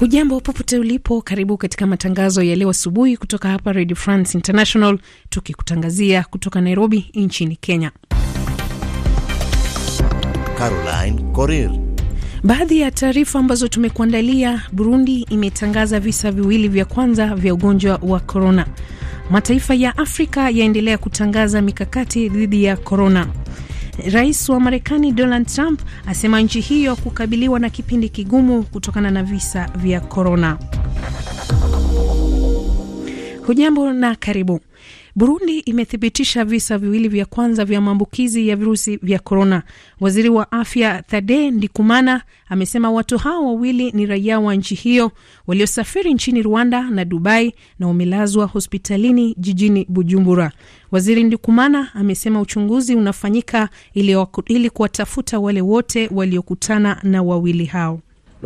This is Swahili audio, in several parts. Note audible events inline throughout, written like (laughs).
Hujambo popote ulipo, karibu katika matangazo ya leo asubuhi kutoka hapa Radio France International, tukikutangazia kutoka Nairobi nchini Kenya. Caroline Coril. Baadhi ya taarifa ambazo tumekuandalia: Burundi imetangaza visa viwili vya kwanza vya ugonjwa wa korona. Mataifa ya Afrika yaendelea kutangaza mikakati dhidi ya korona. Rais wa Marekani Donald Trump asema nchi hiyo kukabiliwa na kipindi kigumu kutokana na visa vya korona. Hujambo na karibu. Burundi imethibitisha visa viwili vya kwanza vya maambukizi ya virusi vya korona. Waziri wa afya Thade Ndikumana amesema watu hao wawili ni raia wa nchi hiyo waliosafiri nchini Rwanda na Dubai na wamelazwa hospitalini jijini Bujumbura. Waziri Ndikumana amesema uchunguzi unafanyika ili kuwatafuta wale wote waliokutana na wawili hao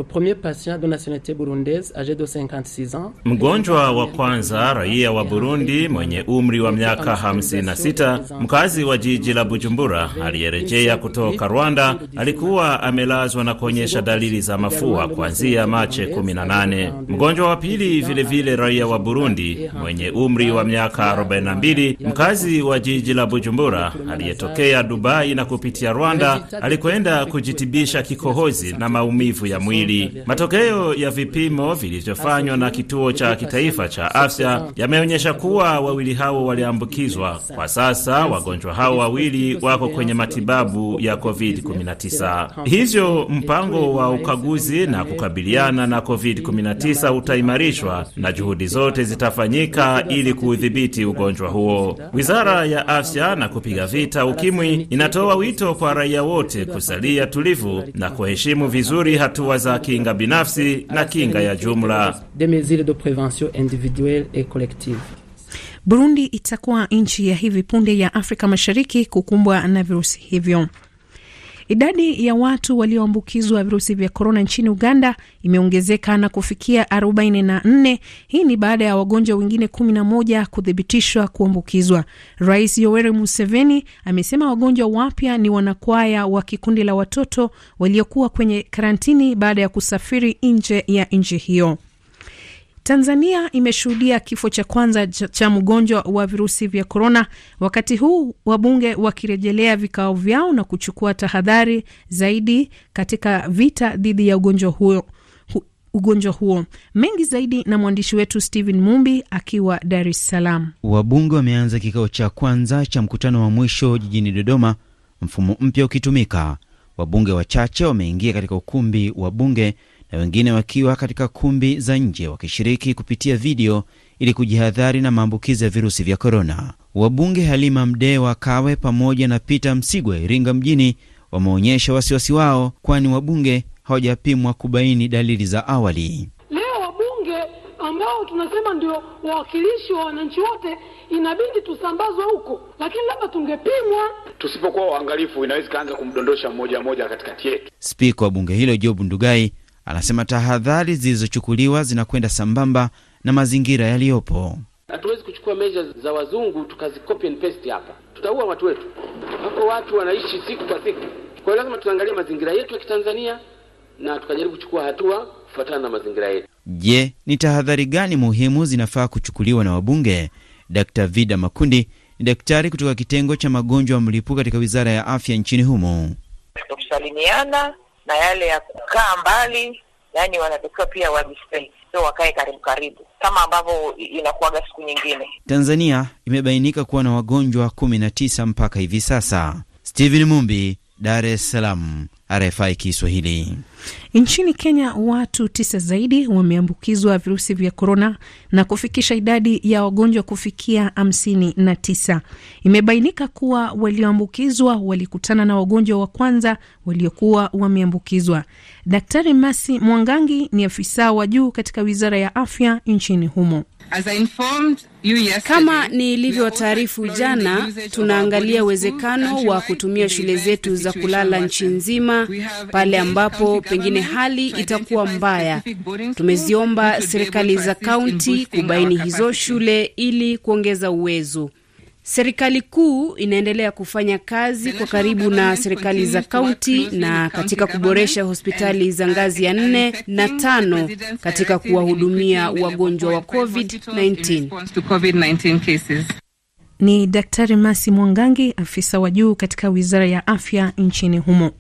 premier patient de nationalité burundaise âgé de 56 ans. Mgonjwa wa kwanza raia wa Burundi mwenye umri wa miaka 56, mkazi wa jiji la Bujumbura aliyerejea kutoka Rwanda, alikuwa amelazwa na kuonyesha dalili za mafua kuanzia Machi 18. Mgonjwa wa pili vilevile raia wa Burundi mwenye umri wa miaka 42, mkazi wa jiji la Bujumbura aliyetokea Dubai na kupitia Rwanda, alikwenda kujitibisha kikohozi na maumivu ya mwili zaidi. Matokeo ya vipimo vilivyofanywa na kituo cha kitaifa cha afya yameonyesha kuwa wawili hao waliambukizwa. Kwa sasa wagonjwa hao wawili wako kwenye matibabu ya COVID-19. Hivyo mpango wa ukaguzi na kukabiliana na COVID-19 utaimarishwa na juhudi zote zitafanyika ili kuudhibiti ugonjwa huo. Wizara ya Afya na kupiga vita UKIMWI inatoa wito kwa raia wote kusalia tulivu na kuheshimu vizuri hatua za hasa kinga binafsi na kinga ya jumla. Burundi itakuwa nchi ya hivi punde ya Afrika Mashariki kukumbwa na virusi hivyo. Idadi ya watu walioambukizwa virusi vya korona nchini Uganda imeongezeka na kufikia 44. Hii ni baada ya wagonjwa wengine 11 kuthibitishwa kuambukizwa. Rais Yoweri Museveni amesema wagonjwa wapya ni wanakwaya wa kikundi la watoto waliokuwa kwenye karantini baada ya kusafiri nje ya nchi hiyo. Tanzania imeshuhudia kifo cha kwanza cha mgonjwa wa virusi vya korona, wakati huu wabunge wakirejelea vikao vyao na kuchukua tahadhari zaidi katika vita dhidi ya ugonjwa huo ugonjwa huo. Mengi zaidi na mwandishi wetu stehen Mumbi akiwa Dar es Salaam. Wabunge wameanza kikao cha kwanza cha mkutano wa mwisho jijini Dodoma, mfumo mpya ukitumika. Wabunge wachache wameingia katika ukumbi wa bunge na wengine wakiwa katika kumbi za nje wakishiriki kupitia video ili kujihadhari na maambukizi ya virusi vya korona. Wabunge Halima Mdee wa Kawe pamoja na Peter Msigwa Iringa mjini wameonyesha wasiwasi wao, kwani wabunge hawajapimwa kubaini dalili za awali. Leo wabunge ambao tunasema ndio wawakilishi wa wananchi wote inabidi tusambazwe huko, lakini labda tungepimwa. Tusipokuwa waangalifu, inaweza ikaanza kumdondosha mmoja mmoja katikati yetu. Spika wa bunge hilo Job Ndugai Anasema tahadhari zilizochukuliwa zinakwenda sambamba na mazingira yaliyopo. Hatuwezi kuchukua measures za wazungu tukazi copy and paste hapa, tutaua watu wetu. Hapo watu wanaishi siku kwa siku, kwa hiyo lazima tuangalie mazingira yetu ya Kitanzania na tukajaribu kuchukua hatua kufuatana na mazingira yetu. Je, ni tahadhari gani muhimu zinafaa kuchukuliwa na wabunge? d Vida Makundi ni daktari kutoka kitengo cha magonjwa ya mlipuko katika Wizara ya Afya nchini humo. Kusalimiana na yale ya kukaa mbali, yani wanatakiwa pia wajispensi, sio wakae karibu karibu kama ambavyo inakuaga siku nyingine. Tanzania imebainika kuwa na wagonjwa kumi na tisa mpaka hivi sasa. stehen Mumbi, Dar es Salaam, RFI Kiswahili. Nchini Kenya, watu tisa zaidi wameambukizwa virusi vya korona na kufikisha idadi ya wagonjwa kufikia hamsini na tisa. Imebainika kuwa walioambukizwa walikutana na wagonjwa wa kwanza waliokuwa wameambukizwa. Daktari Masi Mwangangi ni afisa wa juu katika wizara ya afya nchini humo. Kama nilivyotaarifu jana, tunaangalia uwezekano wa kutumia shule zetu za kulala nchi nzima pale ambapo pengine hali itakuwa mbaya. Tumeziomba serikali za kaunti kubaini hizo shule ili kuongeza uwezo. Serikali kuu inaendelea kufanya kazi kwa karibu na serikali za kaunti na katika kuboresha hospitali za ngazi ya nne na tano katika kuwahudumia wagonjwa wa COVID-19. Ni Daktari Masi Mwangangi, afisa wa juu katika wizara ya afya nchini humo.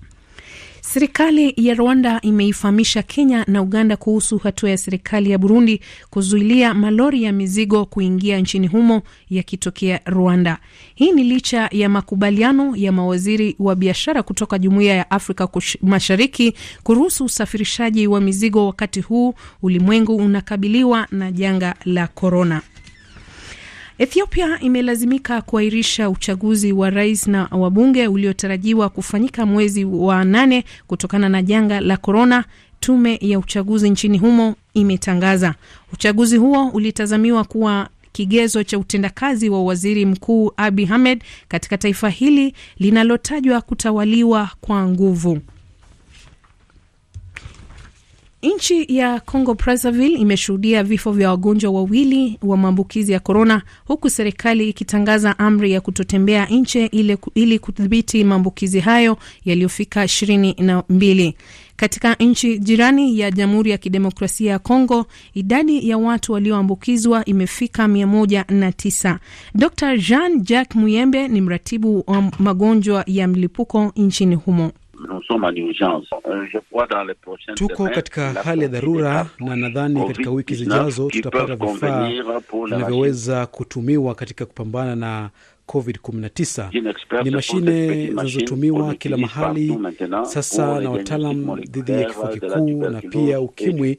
Serikali ya Rwanda imeifahamisha Kenya na Uganda kuhusu hatua ya serikali ya Burundi kuzuilia malori ya mizigo kuingia nchini humo yakitokea Rwanda. Hii ni licha ya makubaliano ya mawaziri wa biashara kutoka Jumuiya ya Afrika Mashariki kuruhusu usafirishaji wa mizigo, wakati huu ulimwengu unakabiliwa na janga la korona. Ethiopia imelazimika kuahirisha uchaguzi wa rais na wabunge uliotarajiwa kufanyika mwezi wa nane kutokana na janga la korona. Tume ya uchaguzi nchini humo imetangaza uchaguzi huo ulitazamiwa kuwa kigezo cha utendakazi wa waziri mkuu Abiy Ahmed katika taifa hili linalotajwa kutawaliwa kwa nguvu. Nchi ya Congo Brazzaville imeshuhudia vifo vya wagonjwa wawili wa maambukizi ya korona, huku serikali ikitangaza amri ya kutotembea nche ili, ili kudhibiti maambukizi hayo yaliyofika ishirini na mbili. Katika nchi jirani ya Jamhuri ya Kidemokrasia ya congo idadi ya watu walioambukizwa imefika tisa. Dr Jean Jacques Muyembe ni mratibu wa magonjwa ya mlipuko nchini humo. Euh, Tuko katika hali ya dharura na nadhani katika wiki zijazo tutapata vifaa vinavyoweza kutumiwa katika kupambana na COVID-19. Ni mashine zinazotumiwa kila mahali sasa na wataalam dhidi ya kifua kikuu na pia ukimwi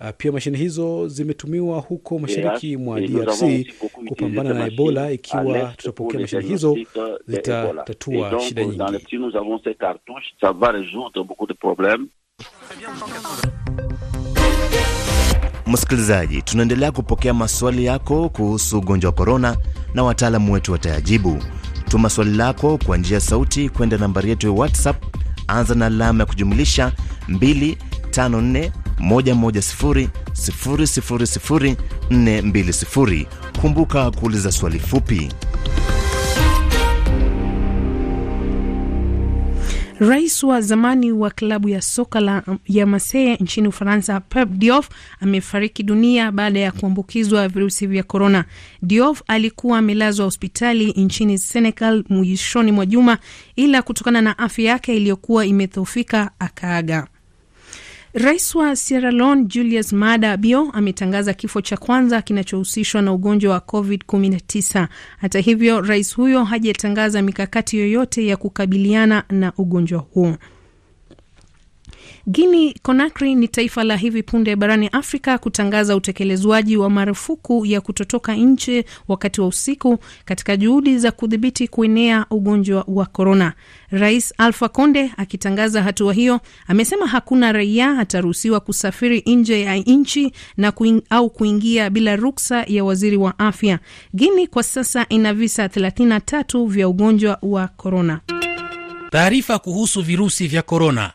Uh, pia mashine hizo zimetumiwa huko mashariki mwa DRC kupambana na Ebola. Ikiwa tutapokea mashine hizo, zitatatua shida nyingi. Msikilizaji, tunaendelea kupokea maswali yako kuhusu ugonjwa wa korona na wataalamu wetu watayajibu. Tuma swali lako kwa njia ya sauti kwenda nambari yetu ya WhatsApp, anza na alama ya kujumlisha 254 110 Kumbuka kuuliza swali fupi. Rais wa zamani wa klabu ya soka la, ya Marseille nchini Ufaransa, Pep Diof amefariki dunia baada ya kuambukizwa virusi vya korona. Diof alikuwa amelazwa hospitali nchini Senegal mwishoni mwa juma, ila kutokana na afya yake iliyokuwa imedhoofika akaaga. Rais wa Sierra Leone Julius Maada Bio ametangaza kifo cha kwanza kinachohusishwa na ugonjwa wa COVID-19. Hata hivyo, rais huyo hajatangaza mikakati yoyote ya kukabiliana na ugonjwa huo. Guini Conakry ni taifa la hivi punde barani Afrika kutangaza utekelezwaji wa marufuku ya kutotoka nje wakati wa usiku katika juhudi za kudhibiti kuenea ugonjwa wa korona. Rais alfa Conde akitangaza hatua hiyo amesema hakuna raia ataruhusiwa kusafiri nje ya nchi na kuing, au kuingia bila ruksa ya waziri wa afya. guini kwa sasa ina visa 33 vya ugonjwa wa korona. Taarifa kuhusu virusi vya korona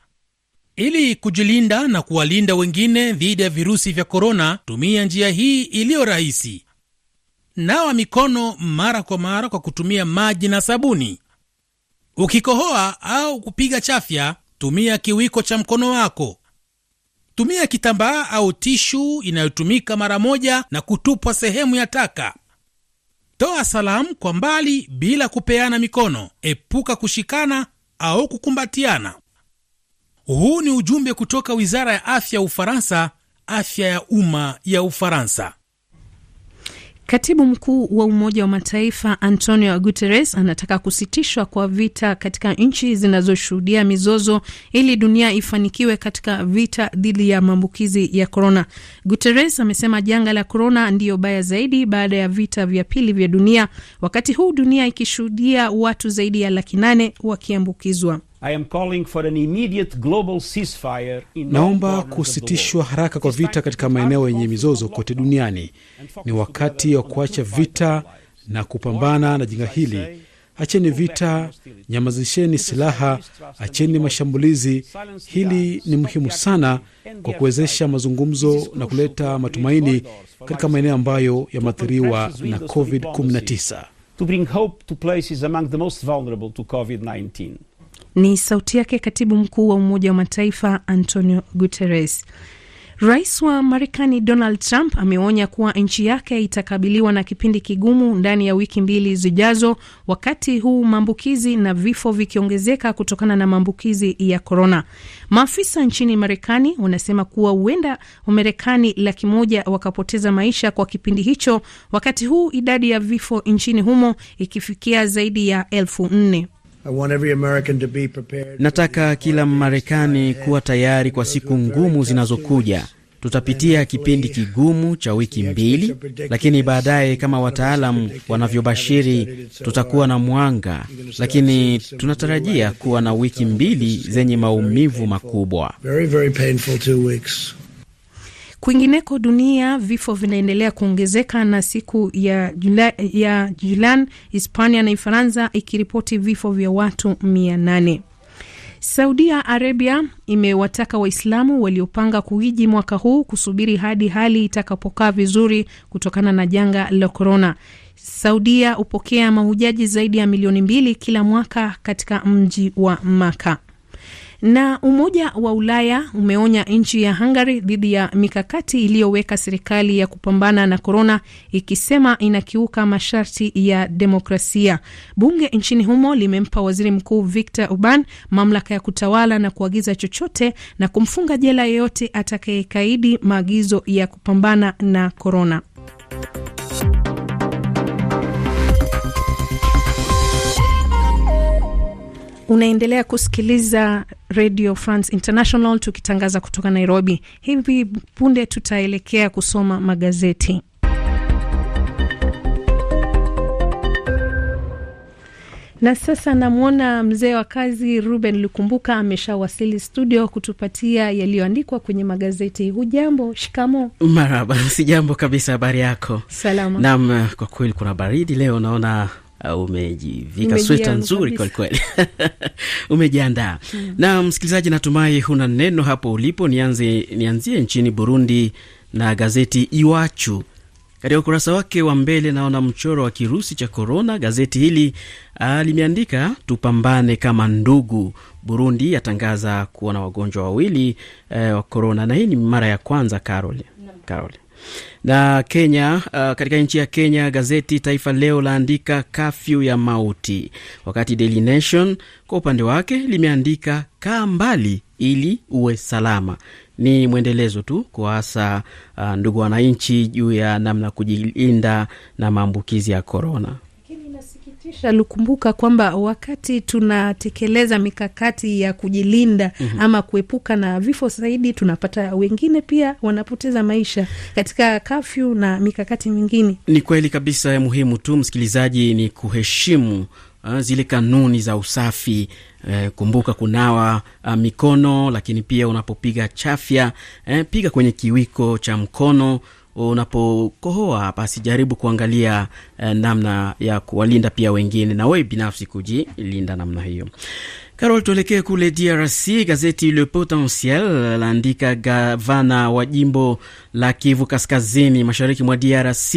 ili kujilinda na kuwalinda wengine dhidi ya virusi vya korona, tumia njia hii iliyo rahisi: nawa mikono mara kwa mara kwa kutumia maji na sabuni. Ukikohoa au kupiga chafya, tumia kiwiko cha mkono wako. Tumia kitambaa au tishu inayotumika mara moja na kutupwa sehemu ya taka. Toa salamu kwa mbali bila kupeana mikono. Epuka kushikana au kukumbatiana. Huu ni ujumbe kutoka wizara ya afya ya Ufaransa, afya ya umma ya Ufaransa. Katibu mkuu wa Umoja wa Mataifa Antonio Guterres anataka kusitishwa kwa vita katika nchi zinazoshuhudia mizozo ili dunia ifanikiwe katika vita dhidi ya maambukizi ya korona. Guterres amesema janga la korona ndiyo baya zaidi baada ya vita vya pili vya dunia, wakati huu dunia ikishuhudia watu zaidi ya laki nane wakiambukizwa. Naomba kusitishwa haraka kwa vita katika maeneo yenye mizozo kote duniani. Ni wakati wa kuacha vita na kupambana na janga hili. Acheni vita, nyamazisheni silaha, acheni mashambulizi. Hili ni muhimu sana kwa kuwezesha mazungumzo na kuleta matumaini katika maeneo ambayo yameathiriwa na COVID-19. Ni sauti yake katibu mkuu wa Umoja wa Mataifa Antonio Guterres. Rais wa Marekani Donald Trump ameonya kuwa nchi yake itakabiliwa na kipindi kigumu ndani ya wiki mbili zijazo, wakati huu maambukizi na vifo vikiongezeka kutokana na maambukizi ya korona. Maafisa nchini Marekani wanasema kuwa huenda Wamarekani laki moja wakapoteza maisha kwa kipindi hicho, wakati huu idadi ya vifo nchini humo ikifikia zaidi ya elfu nne. Nataka kila marekani kuwa tayari kwa siku ngumu zinazokuja. Tutapitia kipindi kigumu cha wiki mbili, lakini baadaye, kama wataalam wanavyobashiri, tutakuwa na mwanga, lakini tunatarajia kuwa na wiki mbili zenye maumivu makubwa. Kwingineko dunia vifo vinaendelea kuongezeka na siku ya jula, ya Julan Hispania na Ufaransa ikiripoti vifo vya watu mia nane. Saudia Arabia imewataka Waislamu waliopanga kuhiji mwaka huu kusubiri hadi hali itakapokaa vizuri kutokana na janga la korona. Saudia hupokea mahujaji zaidi ya milioni mbili kila mwaka katika mji wa Maka. Na Umoja wa Ulaya umeonya nchi ya Hungary dhidi ya mikakati iliyoweka serikali ya kupambana na korona, ikisema inakiuka masharti ya demokrasia. Bunge nchini humo limempa waziri mkuu Viktor Orban mamlaka ya kutawala na kuagiza chochote na kumfunga jela yeyote atakayekaidi maagizo ya kupambana na korona. Unaendelea kusikiliza Radio France International tukitangaza kutoka Nairobi. Hivi punde tutaelekea kusoma magazeti. Na sasa namwona mzee wa kazi Ruben Lukumbuka ameshawasili studio kutupatia yaliyoandikwa kwenye magazeti. Hujambo? Shikamo. Marhaba. (laughs) Sijambo kabisa. Habari yako? Salama. Naam, kwa kweli kuna baridi leo, naona uh, umejivika sweta nzuri kwelikweli (laughs) umejiandaa mm. Na msikilizaji, natumai huna neno hapo ulipo. Nianze, nianzie nchini Burundi na gazeti Iwachu katika ukurasa wake wa mbele naona mchoro wa kirusi cha korona. Gazeti hili uh, limeandika tupambane kama ndugu. Burundi yatangaza kuwa na wagonjwa wawili uh, wa korona, na hii ni mara ya kwanza Carol, Carol. Na Kenya uh, katika nchi ya Kenya gazeti Taifa Leo laandika kafyu ya mauti, wakati Daily Nation kwa upande wake limeandika kaa mbali ili uwe salama. Ni mwendelezo tu kuasa uh, ndugu wananchi juu ya namna kujilinda na maambukizi ya korona sikitisha lukumbuka kwamba wakati tunatekeleza mikakati ya kujilinda mm -hmm. ama kuepuka na vifo zaidi, tunapata wengine pia wanapoteza maisha katika kafyu na mikakati mingine. Ni kweli kabisa, ya muhimu tu msikilizaji ni kuheshimu ah, zile kanuni za usafi eh, kumbuka kunawa ah, mikono, lakini pia unapopiga chafya eh, piga kwenye kiwiko cha mkono unapokohoa basi jaribu kuangalia eh, namna ya kuwalinda pia wengine na wewe binafsi kujilinda namna hiyo. Carol, tuelekee kule DRC. Gazeti Le Potentiel laandika gavana wa jimbo la Kivu Kaskazini, mashariki mwa DRC,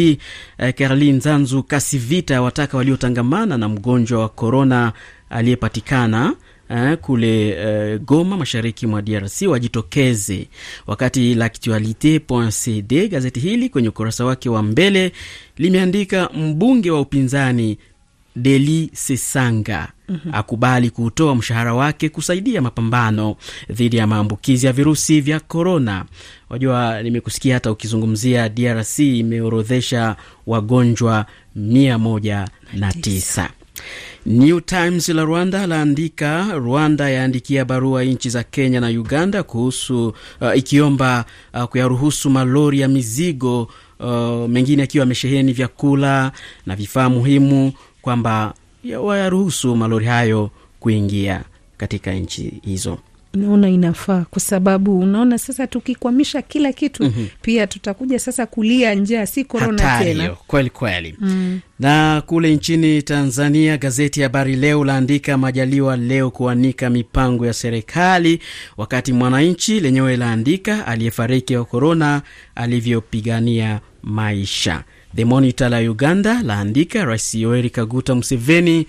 eh, Karlin Zanzu Kasivita wataka waliotangamana na mgonjwa wa korona aliyepatikana eh, kule eh, Goma mashariki mwa DRC wajitokeze. Wakati l'actualite.cd gazeti hili kwenye ukurasa wake wa mbele limeandika mbunge wa upinzani Deli Sesanga mm -hmm. akubali kutoa mshahara wake kusaidia mapambano dhidi ya maambukizi ya virusi vya korona. Wajua, nimekusikia hata ukizungumzia DRC imeorodhesha wagonjwa mia moja na tisa. New Times la Rwanda laandika Rwanda yaandikia barua nchi za Kenya na Uganda kuhusu uh, ikiomba uh, kuyaruhusu malori ya mizigo uh, mengine akiwa yamesheheni vyakula na vifaa muhimu kwamba wayaruhusu malori hayo kuingia katika nchi hizo naona inafaa kwa sababu unaona sasa tukikwamisha kila kitu mm -hmm. pia tutakuja sasa kulia njaa, si korona tena kweli kweli mm. Na kule nchini Tanzania, gazeti ya Habari Leo laandika Majaliwa leo kuanika mipango ya serikali, wakati Mwananchi lenyewe laandika aliyefariki wa korona alivyopigania maisha. The Monitor la Uganda laandika Rais yoeri Kaguta Museveni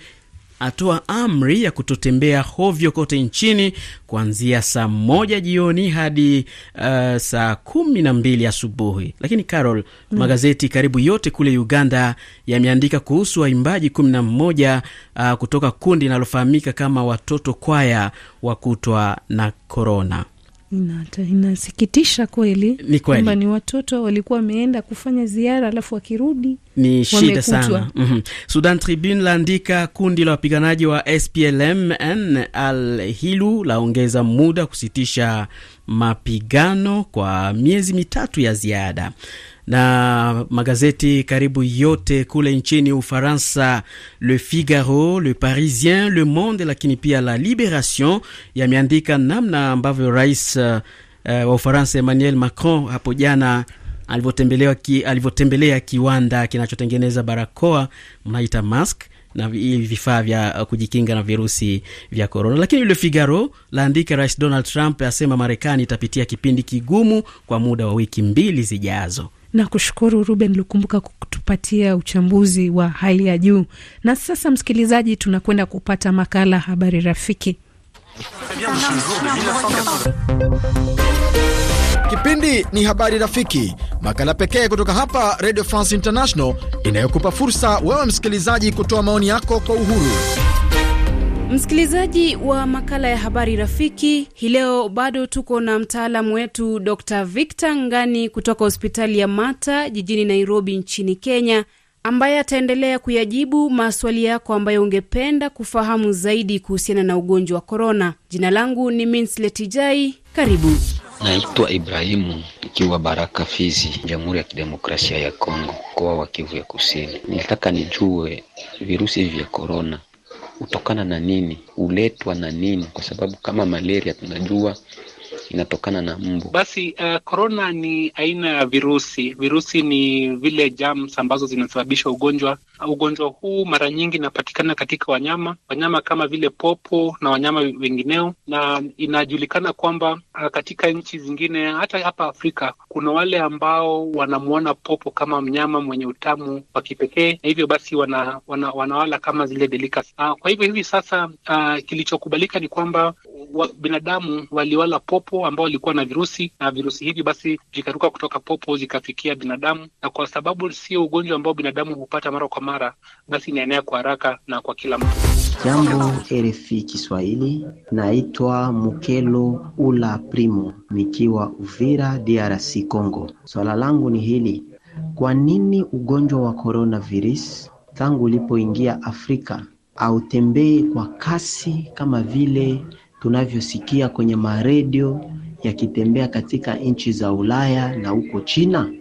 atoa amri ya kutotembea hovyo kote nchini kuanzia saa moja jioni hadi uh, saa kumi na mbili asubuhi. Lakini Carol, mm. magazeti karibu yote kule Uganda yameandika kuhusu waimbaji kumi na mmoja uh, kutoka kundi linalofahamika kama watoto kwaya wakutwa na korona. Inata, inasikitisha kweli. Ni kweli kwamba ni watoto walikuwa wameenda kufanya ziara alafu wakirudi ni shida sana mm -hmm. Sudan Tribune laandika kundi la wapiganaji wa SPLM-N al-Hilu laongeza muda kusitisha mapigano kwa miezi mitatu ya ziada na magazeti karibu yote kule nchini Ufaransa, Le Figaro, Le Parisien, Le Monde, lakini pia La Liberation yameandika namna ambavyo rais uh, uh, wa Ufaransa Emmanuel Macron hapo jana alivyotembelea ki, alivyotembelea kiwanda kinachotengeneza barakoa mnaita mask na vifaa vya uh, kujikinga na virusi vya korona. Lakini Le Figaro laandika rais Donald Trump asema Marekani itapitia kipindi kigumu kwa muda wa wiki mbili zijazo na kushukuru Ruben Lukumbuka kutupatia uchambuzi wa hali ya juu. Na sasa, msikilizaji, tunakwenda kupata makala Habari Rafiki. Kipindi ni Habari Rafiki, makala pekee kutoka hapa Radio France International inayokupa fursa wewe msikilizaji kutoa maoni yako kwa uhuru. Msikilizaji wa makala ya habari rafiki, hii leo bado tuko na mtaalamu wetu Dr Victor Ngani kutoka hospitali ya Mata jijini Nairobi nchini Kenya, ambaye ataendelea kuyajibu maswali yako ambayo ungependa kufahamu zaidi kuhusiana na ugonjwa wa korona. Jina langu ni Minsletijai, karibu. Naitwa Ibrahimu ikiwa Baraka Fizi, Jamhuri ya Kidemokrasia ya Kongo, mkoa wa Kivu ya Kusini. Nilitaka nijue virusi vya korona hutokana na nini, huletwa na nini? Kwa sababu kama malaria tunajua inatokana na mbu. Basi korona eh, uh, ni aina ya virusi. Virusi ni vile jams ambazo zinasababisha ugonjwa. Ugonjwa huu mara nyingi inapatikana katika wanyama, wanyama kama vile popo na wanyama wengineo, na inajulikana kwamba uh, katika nchi zingine, hata hapa Afrika, kuna wale ambao wanamwona popo kama mnyama mwenye utamu wa kipekee, na hivyo basi wana, wana, wanawala kama zile delicacy. Uh, kwa hivyo hivi sasa uh, kilichokubalika ni kwamba wa, binadamu waliwala popo ambao walikuwa na virusi na virusi hivi basi vikaruka kutoka popo zikafikia binadamu, na kwa sababu sio ugonjwa ambao binadamu hupata mara kwa mara, basi inaenea kwa haraka na kwa kila mtu. Jambo RFI Kiswahili, naitwa Mukelo Ula Primo nikiwa Uvira, DRC Congo. Swala langu ni hili, kwa nini ugonjwa wa coronavirus tangu ulipoingia Afrika hautembei kwa kasi kama vile tunavyosikia kwenye maredio yakitembea katika nchi za Ulaya na huko China?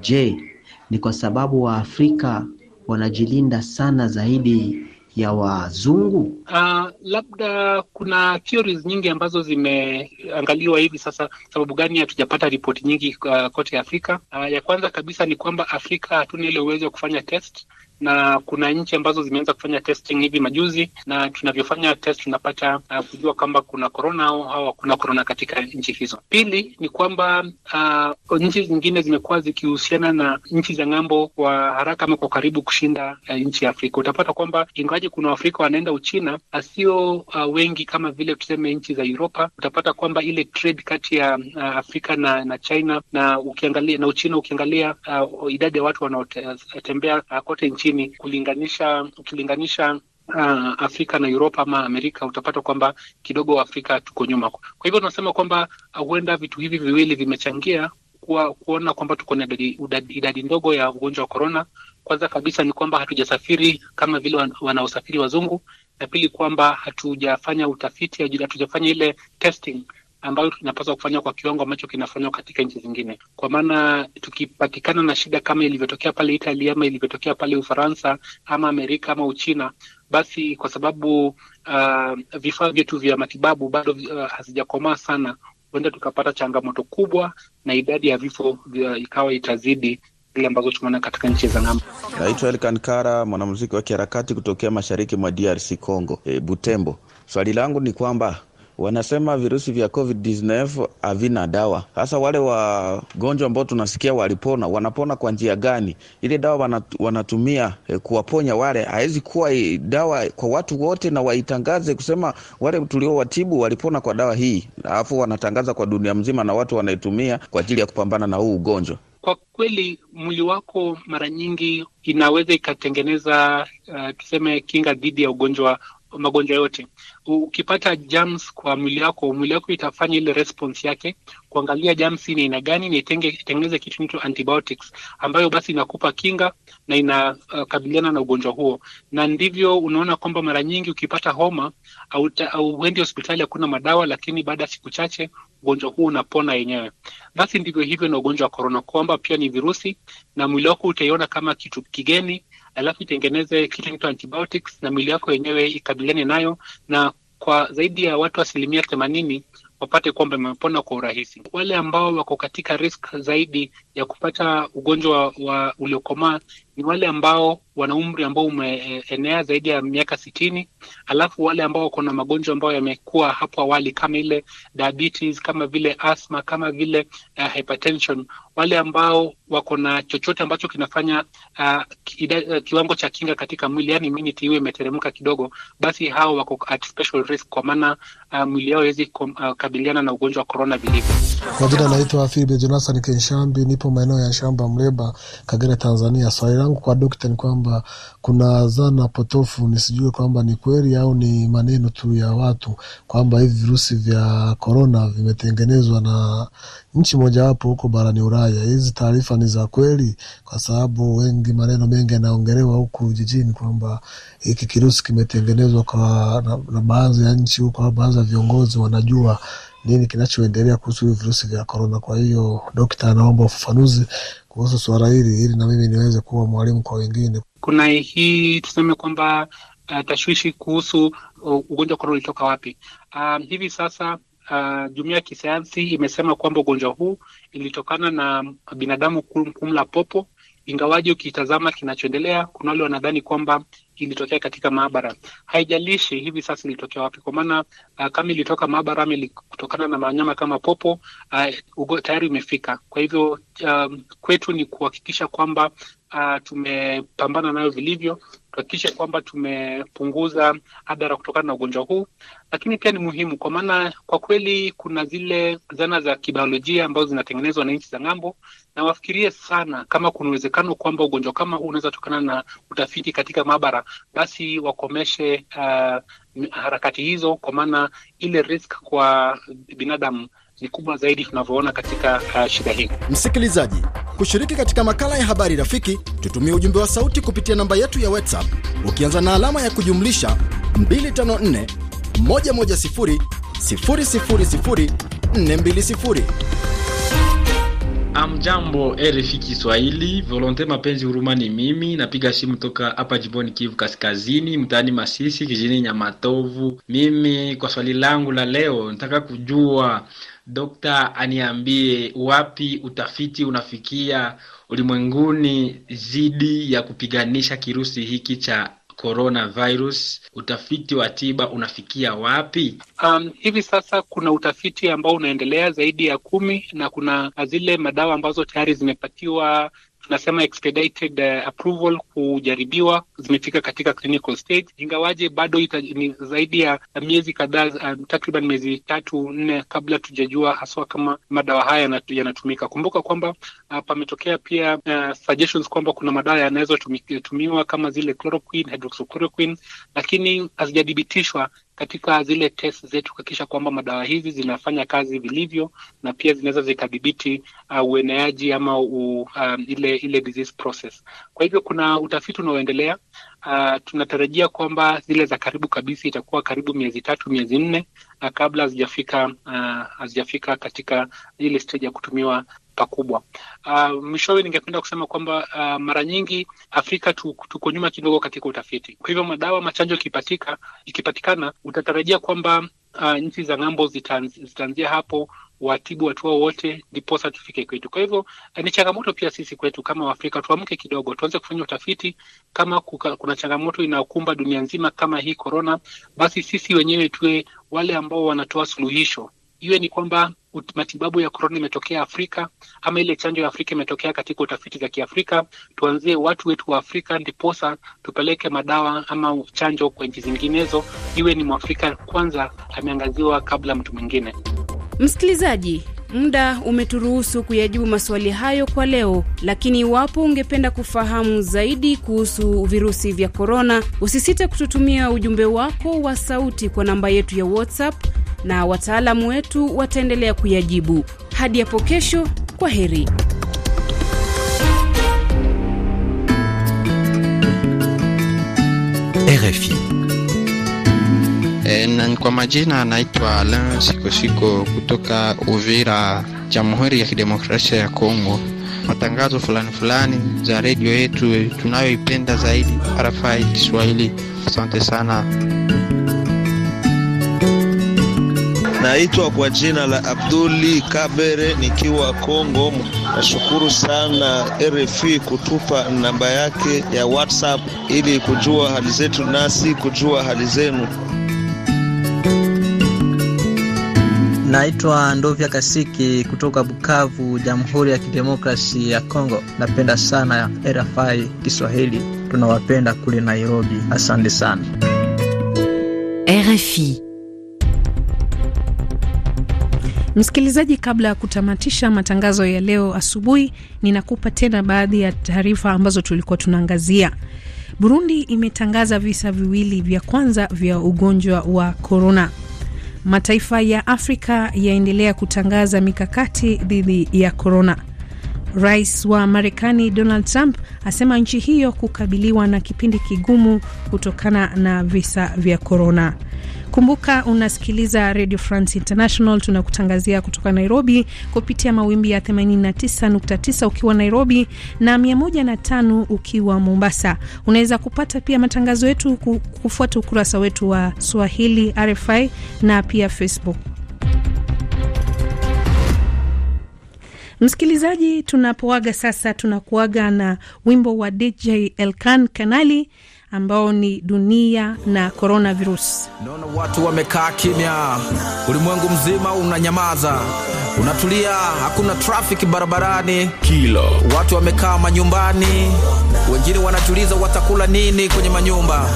Je, ni kwa sababu Waafrika wanajilinda sana zaidi ya wazungu? Uh, labda kuna theories nyingi ambazo zimeangaliwa hivi sasa. Sababu gani hatujapata ripoti nyingi uh, kote Afrika? Uh, ya kwanza kabisa ni kwamba Afrika hatuna ile uwezo wa kufanya test na kuna nchi ambazo zimeanza kufanya testing hivi majuzi, na tunavyofanya test tunapata uh, kujua kwamba kuna korona au hakuna korona katika nchi hizo. Pili ni kwamba uh, nchi zingine zimekuwa zikihusiana na nchi za ng'ambo kwa haraka ama kwa karibu kushinda uh, nchi ya Afrika. Utapata kwamba ingawaje kuna Waafrika wanaenda Uchina, asio uh, wengi kama vile tuseme nchi za Uropa. Utapata kwamba ile trade kati ya uh, Afrika na, na China na ukiangalia na Uchina ukiangalia uh, idadi ya watu wanaotembea uh, kote nchi chini kulinganisha ukilinganisha Uh, Afrika na Uropa ama Amerika utapata kwamba kidogo Afrika tuko nyuma. Kwa hivyo tunasema kwamba uh, huenda uh, vitu hivi viwili vimechangia kuwa, kuona kwamba tuko na idadi, idadi ndogo ya ugonjwa wa korona. Kwanza kabisa ni kwamba hatujasafiri kama vile wanaosafiri wazungu, na pili kwamba hatujafanya utafiti, hatujafanya ile testing ambayo tunapaswa kufanywa kwa kiwango ambacho kinafanywa katika nchi zingine, kwa maana tukipatikana na shida kama ilivyotokea pale Itali ama ilivyotokea pale Ufaransa ama Amerika ama Uchina, basi kwa sababu uh, vifaa vyetu vya matibabu bado uh, hazijakomaa sana, huenda tukapata changamoto kubwa na idadi ya vifo uh, ikawa itazidi Naitwa Elkan Kara, mwanamuziki wa kiharakati kutokea mashariki mwa DRC Congo, e, Butembo. Swali langu ni kwamba wanasema virusi vya COVID-19 havina dawa. Sasa wale wagonjwa ambao tunasikia walipona, wanapona kwa njia gani? Ile dawa wanatumia eh, kuwaponya wale, hawezi kuwa dawa kwa watu wote na waitangaze kusema wale tuliowatibu walipona kwa dawa hii, alafu wanatangaza kwa dunia mzima na watu wanaitumia kwa ajili ya kupambana na huu ugonjwa. Kwa kweli mwili wako mara nyingi inaweza ikatengeneza uh, tuseme kinga dhidi ya ugonjwa magonjwa yote. Ukipata germs kwa mwili wako, mwili wako itafanya ile response yake kuangalia germs ni aina gani, na itengeneze kitu inaitwa antibiotics, ambayo basi inakupa kinga na inakabiliana uh, na ugonjwa huo. Na ndivyo unaona kwamba mara nyingi ukipata homa au, au hospitali, hakuna madawa, lakini baada ya siku chache ugonjwa huo unapona yenyewe. Basi ndivyo hivyo na ugonjwa wa korona, kwamba pia ni virusi na mwili wako utaiona kama kitu kigeni alafu itengeneze kile inaitwa antibiotics na mwili yako yenyewe ikabiliane nayo, na kwa zaidi ya watu asilimia themanini wapate kwamba imepona kwa urahisi. Wale ambao wako katika risk zaidi ya kupata ugonjwa wa uliokomaa ni wale ambao wana umri ambao umeenea zaidi ya miaka sitini, alafu wale ambao wako na magonjwa ambayo yamekuwa hapo awali kama ile diabetes, kama vile asma kama vile uh, hypertension, wale ambao wako na chochote ambacho kinafanya uh, kida, uh, kiwango cha kinga katika mwili yani immunity iwe imeteremka kidogo, basi hao wako at special risk kwa maana uh, mwili yao kukabiliana uh, kabiliana na ugonjwa wa corona vilivyo. Kwa jina naitwa Fibe Jonathan Kenshambi, nipo nipo maeneo ya shamba Mleba, Kagera, Tanzania. Swali langu kwa dokta ni kwamba kuna zana potofu, nisijue kwamba ni kweli au ni maneno tu ya watu kwamba hivi virusi vya korona vimetengenezwa na nchi mojawapo huko barani Ulaya. Hizi taarifa ni za kweli? Kwa sababu wengi, maneno mengi yanaongelewa huku jijini kwamba hiki kirusi kimetengenezwa kwa na, na baadhi ya nchi huko, baadhi ya viongozi wanajua nini kinachoendelea kuhusu hivi virusi vya korona. Kwa hiyo, dokta, anaomba ufafanuzi kuhusu suala hili ili na mimi niweze kuwa mwalimu kwa wengine. Kuna hii tuseme kwamba uh, tashwishi kuhusu uh, ugonjwa wa korona ulitoka wapi? Um, hivi sasa Uh, jumuiya ya kisayansi imesema kwamba ugonjwa huu ilitokana na binadamu kumla popo ingawaji ukitazama kinachoendelea, kuna wale wanadhani kwamba ilitokea katika maabara. Haijalishi hivi sasa ilitokea wapi, kwa maana uh, kama ilitoka maabara ama ilikutokana na wanyama kama popo uh, tayari umefika. Kwa hivyo um, kwetu ni kuhakikisha kwamba uh, tumepambana nayo vilivyo tuhakikishe kwamba tumepunguza adhara kutokana na ugonjwa huu, lakini pia ni muhimu kwa maana kwa kweli kuna zile zana za kibiolojia ambazo zinatengenezwa na nchi za ng'ambo, na wafikirie sana kama kuna uwezekano kwamba ugonjwa kama huu unaweza tokana na utafiti katika maabara, basi wakomeshe uh, harakati hizo, kwa maana ile risk kwa binadamu ni kubwa zaidi tunavyoona katika uh, shida hii. Msikilizaji, kushiriki katika makala ya habari rafiki, tutumie ujumbe wa sauti kupitia namba yetu ya WhatsApp ukianza na alama ya kujumlisha 254 110 000 420. Amjambo RFI Kiswahili, Volonte Mapenzi Huruma ni mimi, napiga simu toka hapa jimboni Kivu Kaskazini, mtaani Masisi, kijini Nyamatovu. Mimi kwa swali langu la leo nataka kujua Dokta aniambie wapi utafiti unafikia ulimwenguni dhidi ya kupiganisha kirusi hiki cha coronavirus, utafiti wa tiba unafikia wapi? Um, hivi sasa kuna utafiti ambao unaendelea zaidi ya kumi na kuna zile madawa ambazo tayari zimepatiwa tunasema expedited uh, approval kujaribiwa, zimefika katika clinical stage, ingawaje bado ita, ni zaidi ya miezi kadhaa uh, takriban miezi tatu nne kabla tujajua haswa kama madawa haya yanatumika. Kumbuka kwamba uh, pametokea pia uh, suggestions kwamba kuna madawa yanaweza tumiwa kama zile chloroquine, hydroxychloroquine, lakini hazijadhibitishwa katika zile test zetu kuhakikisha kwamba madawa hizi zinafanya kazi vilivyo, na pia zinaweza zikadhibiti uh, ueneaji ama u, um, ile ile disease process. Kwa hivyo kuna utafiti unaoendelea uh, tunatarajia kwamba zile za karibu kabisa itakuwa karibu miezi tatu miezi nne uh, kabla hazijafika uh, katika ile stage ya kutumiwa pakubwa. Uh, mwishowe ningependa kusema kwamba uh, mara nyingi Afrika tuko nyuma kidogo katika utafiti. Kwa hivyo madawa machanjo ikipatika, ikipatikana utatarajia kwamba uh, nchi za ng'ambo zitaanzia hapo watibu watu wao wote ndiposa tufike kwetu. Kwa hivyo ni changamoto pia sisi kwetu kama Waafrika, tuamke kidogo, tuanze kufanya utafiti. Kama kuka, kuna changamoto inayokumba dunia nzima kama hii korona, basi sisi wenyewe tuwe wale ambao wanatoa suluhisho iwe ni kwamba matibabu ya korona imetokea Afrika ama ile chanjo ya Afrika imetokea katika utafiti za Kiafrika, tuanzie watu wetu wa Afrika ndiposa tupeleke madawa ama chanjo kwa nchi zinginezo, iwe ni mwafrika kwanza ameangaziwa kabla mtu mwingine. Msikilizaji, muda umeturuhusu kuyajibu maswali hayo kwa leo, lakini iwapo ungependa kufahamu zaidi kuhusu virusi vya korona, usisite kututumia ujumbe wako wa sauti kwa namba yetu ya WhatsApp na wataalamu wetu wataendelea kuyajibu. Hadi hapo kesho, kwa heri. RFI. E, eh, na kwa majina anaitwa Alain Sikosiko kutoka Uvira, Jamhuri ya Kidemokrasia ya Kongo. Matangazo fulani fulani za redio yetu tunayoipenda zaidi, RFI Kiswahili. Asante sana. Naitwa kwa jina la Abduli Kabere nikiwa Kongo. Nashukuru sana RFI kutupa namba yake ya WhatsApp ili kujua hali zetu nasi kujua hali zenu. Naitwa Ndovya Kasiki kutoka Bukavu, Jamhuri ya Kidemokrasi ya Kongo. Napenda sana RFI Kiswahili, tunawapenda kule Nairobi. Asante sana RFI. Msikilizaji, kabla ya kutamatisha matangazo ya leo asubuhi, ninakupa tena baadhi ya taarifa ambazo tulikuwa tunaangazia. Burundi imetangaza visa viwili vya kwanza vya ugonjwa wa korona. Mataifa ya Afrika yaendelea kutangaza mikakati dhidi ya korona. Rais wa Marekani Donald Trump asema nchi hiyo kukabiliwa na kipindi kigumu kutokana na visa vya korona. Kumbuka unasikiliza Radio France International, tunakutangazia kutoka Nairobi kupitia mawimbi ya 89.9 ukiwa Nairobi na 105 ukiwa Mombasa. Unaweza kupata pia matangazo yetu kufuata ukurasa wetu wa Swahili RFI na pia Facebook. Msikilizaji, tunapoaga sasa, tunakuaga na wimbo wa DJ Elkan Kanali ambao ni dunia na coronavirus. Naona watu wamekaa kimya, ulimwengu mzima unanyamaza, unatulia, hakuna trafiki barabarani kilo, watu wamekaa manyumbani, wengine wanajiuliza watakula nini kwenye manyumba.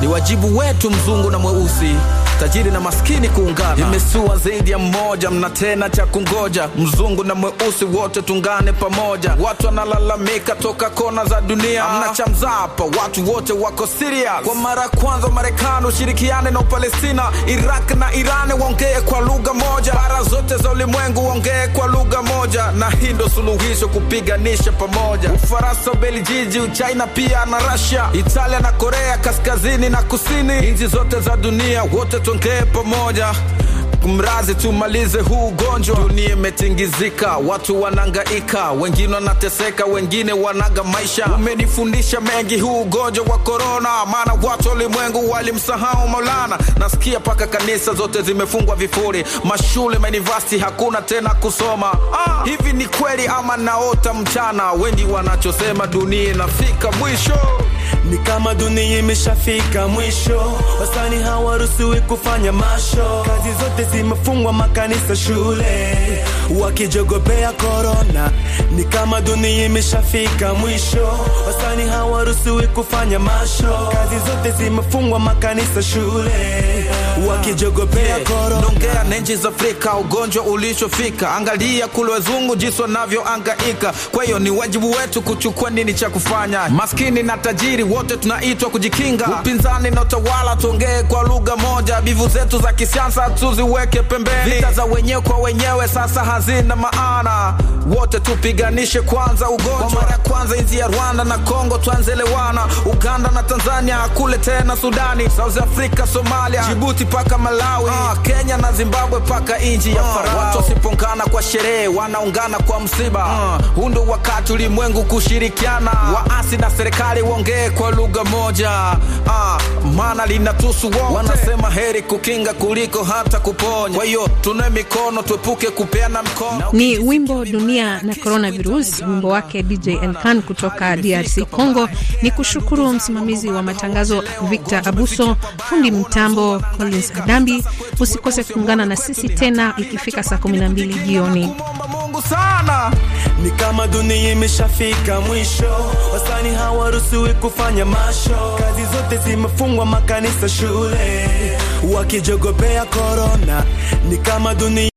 Ni wajibu wetu mzungu na mweusi tajiri na maskini kuungana, imesua zaidi ya mmoja, mna tena cha kungoja, mzungu na mweusi wote tungane pamoja. Watu wanalalamika toka kona za dunia, amna cha mzapa, watu wote wako serious. Kwa mara kwanza Marekani ushirikiane na Upalestina, Iraq na Iran waongee kwa lugha moja, bara zote za ulimwengu waongee kwa lugha moja, na hii ndo suluhisho kupiganisha pamoja. Ufaransa, Ubelgiji, Uchina pia na Russia, Italia na Korea kaskazini na kusini, nchi zote za dunia wote tuonge pamoja mrazi tumalize huu ugonjwa. Dunia imetingizika, watu wanangaika, wengine wanateseka, wengine wanaga maisha. Umenifundisha mengi huu ugonjwa wa korona, maana watu ulimwengu walimsahau Maulana. Nasikia paka kanisa zote zimefungwa vifuri, mashule maunivesiti hakuna tena kusoma. Ah, hivi ni kweli ama naota mchana? Wengi wanachosema dunia inafika mwisho. Ni kama dunia imeshafika mwisho, wasanii hawaruhusiwi kufanya masho, kazi zote zimefungwa, makanisa, shule, wakijogopea korona. Ni kama dunia imeshafika mwisho, wasanii hawaruhusiwi kufanya masho, kazi zote zimefungwa, makanisa, shule, wakijogopea korona. Nongea na nchi za Afrika, ugonjwa ulishofika, angalia kule wazungu jinsi wanavyoangaika. Kwa hiyo ni wajibu wetu kuchukua nini cha kufanya, maskini na tajiri matajiri wote tunaitwa kujikinga, upinzani na utawala tuongee kwa lugha moja, bivu zetu za kisiasa tuziweke pembeni, vita za wenyewe kwa wenyewe sasa hazina maana, wote tupiganishe kwanza ugonjwa. Kwa mara ya kwanza nchi ya Rwanda na Kongo tuanzelewana, Uganda na Tanzania kule tena Sudani, South Africa, Somalia, Jibuti paka Malawi, uh, Kenya na Zimbabwe paka nchi ya uh, Farao. Watu wasipongana kwa sherehe wanaungana kwa msiba, ah. huu uh, ndo wakati ulimwengu kushirikiana, waasi na serikali waongee kwa lugha moja ah, maana linatusu wote. Wanasema heri kukinga kuliko hata kuponya, kwa hiyo tuna mikono tuepuke kupeana mkono. Ni wimbo dunia na coronavirus, wimbo wake DJ Elkan kutoka DRC Congo. Ni kushukuru msimamizi wa matangazo Victor Abuso, fundi mtambo Collins Adambi. Usikose kuungana na sisi tena ikifika saa 12 jioni. sana ni kama dunia imeshafika mwisho, wasani hawaruhusiwi kufanya masho, kazi zote zimefungwa, makanisa, shule wakijogopea korona, ni kama dunia